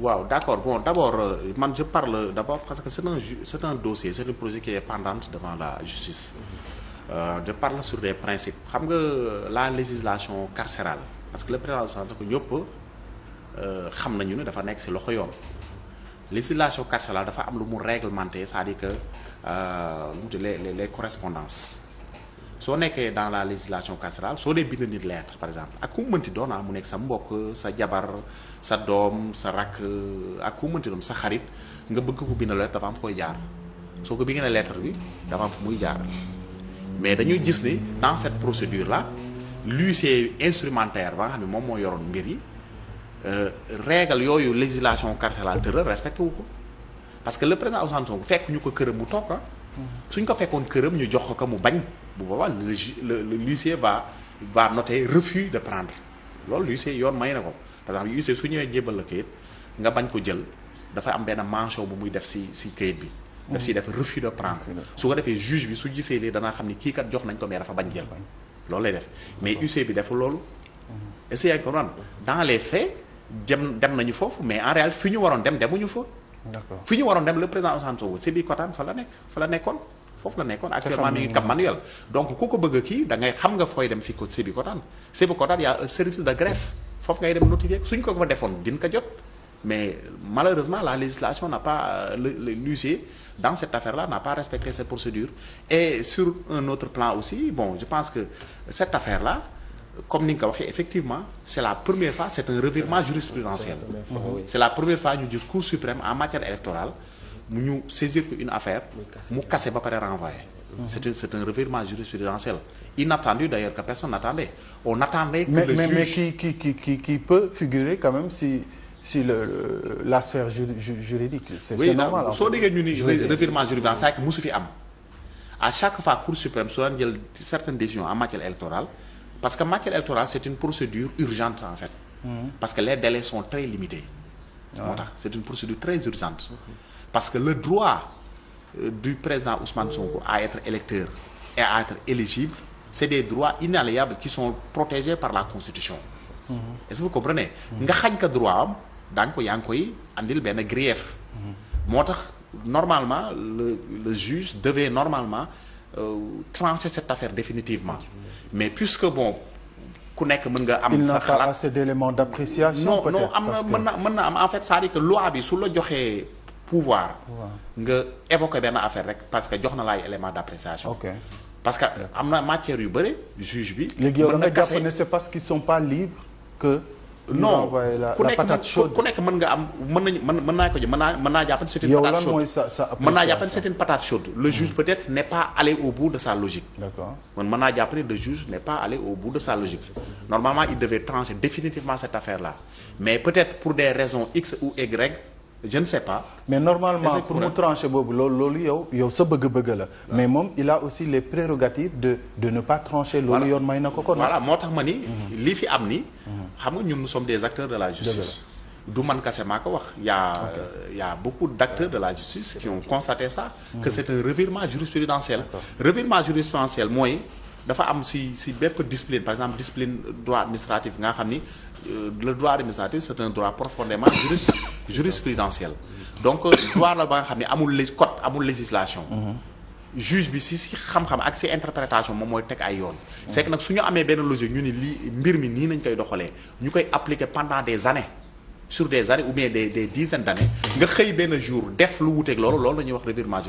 waaw d'accord bon d'abord euh, man je parle d'abord parce que c'est un c'est un dossier c'est un projet qui devant la justice euh, je parle sur des principes xam nga euh, la législation carcérale parce que le président de santé ko ñëpp euh, xam nañu ne dafa nekk si loxo yoon législation carcérale dafa am lu mu réglementer c'est-à-dire que euh, les les les correspondances soo nekkee dans la législation carcérale soo dee bind nit lettre par exemple ak ku mu mënti doon ah mu nekk sa mbokk sa jabar sa doom sa rakk ak ku mu mënti doon sa xarit nga bëgg ko bind lettre dafa am fu koy jaar soo ko bindee lettre bi dafa am fu muy jaar mais dañuy gis ni dans cette procédure la l'huissier instrumentaire ba nga xam ne moom moo yoroon mbir yi euh, règle yooyu législation carcérale tëral respecté wu ko parce que le président Ousmane Sonko fekk ñu ko këram mu toog ah. Mm-hmm. suñ ko fekkoon këram ñu jox ko ko mu bañ. bu boobaa le le ba va va noter refus de prendre loolu l'huissier yoon may na ko par exemple l'huissier su ñëwee jébal la kayit nga bañ ko jël dafa am benn mention bu muy def si si kayit bi. daf siy def refus de prendre. su ko defee juge bi su gisee lee danaa xam ni kii kat jox nañ ko mais dafa bañ jël. loolu lay def mais huissier bi deful loolu. Mhm. est-ce yaa ngi ko dans les faits jëm dem nañu foofu mais en réalité fi ñu waroon dem demuñu fa. fi ñu waroon dem le président Ousmane Sonko la nekk fa la nekkoon. foofu la nekkoon actuellement mi ngi Cap Manuel donc ku ko bëgg a kii xam nga fooy dem si ko Sébikotane Sébikotane y a un service de greffe foofu ngay dem notifier suñ ko fa defoon din ko jot mais malheureusement la législation n'a pas euh, l'huissier dans cette affaire-là n'a pas respecté cette procédure et sur un autre plan aussi bon je pense que cette affaire la comme ni nga ko waxee effectivement c'est la première fois c'est un revirement jurisprudentiel mu ñu saisir ko une affaire mu kase ba pare renvoyé mhm. c'est un c'est un revirement jurisprudentiel inattendu d'ailleurs que personne n'attendait on attendait que mais, le mais, juge qui peut figurer quand même si si le la sphère ju, ju, juridique c'est oui, normal soo déggee ñu ni revirement jurisprudentiel que musu fi am à chaque fois Cour suprême soo daan jël certaines décisions en matière électorale parce que matière électorale c'est une procédure urgente en fait mm. parce que les délais sont très moo tax c'est une procédure très urgente parce que le droit euh, du président Ousmane Sonko à être électeur et à être éligible c'est des droits inaliénables qui sont protégés par la constitution mhm. est-ce que vous comprenez mhm. nga xañ ko droit am daa ngi ko yaa ngi koy andil benn grief mhm. moo tax normalement le le juge devait normalement euh, trancher cette affaire définitivement mais puisque bon ku nekk mën nga am sa xalaat il n'a pas assez d'éléments d'appréciation peut-être am na mën na am en fait que loi bi su la joxee pouvoir nga évoquer benn affaire rek parce que jox na laay élément d'appréciation ok parce que euh, am na matière yu bëri juge bi léegi yow da nga jàpp ne c'est parce qu'ils sont pas libres que non ku nekk mën nga am mën nañu mën mën naa ko ji mën naa mën naa jàpp ne c'est chaude naa jàpp ne c'est une patate chaude le juge hmm. peut-être n'est pas allé au bout de sa logique d'accord man mën naa jàpp ne le juge n'est pas allé au bout de sa logique normalement il devait trancher définitivement cette affaire-là mais peut-être pour des raisons X ou Y je ne sais pas. mais normalement pour mu trancher boobu loolu loolu yow yow sa bëgg-bëgg la. mais moom il a aussi les prérogatives de de ne pas trancher. loolu yoon may na ko kon. voilà moo tax ma ni. Mhm. li fi am ni mhm. xam nga ñun nous sommes des acteurs de la justice. du man kese maa ko wax y' a okay. y' a beaucoup d' acteurs de la justice qui ont constaté ça. que mhm. c' est un revirement jurisprudentiel. revirement jurisprudentiel mooy. dafa am si si bépp discipline par exemple discipline droit administratif nga xam ni euh, le droit administratif c'est un droit profondément juriste jurisprudentiel donc droit la ba nga xam ne amul lég code amul législation juge bi si si xam-xam ak si interprétation moom mooy teg ay yoon c'est nag su ñu amee benn logique ñu ni lii mbir mi nii nañ koy doxalee ñu koy appliquer pendant des années sur des années ou bien des des dizaines d'années nga xëy benn jour def lu wuteeg loolu la ñuy wax revirement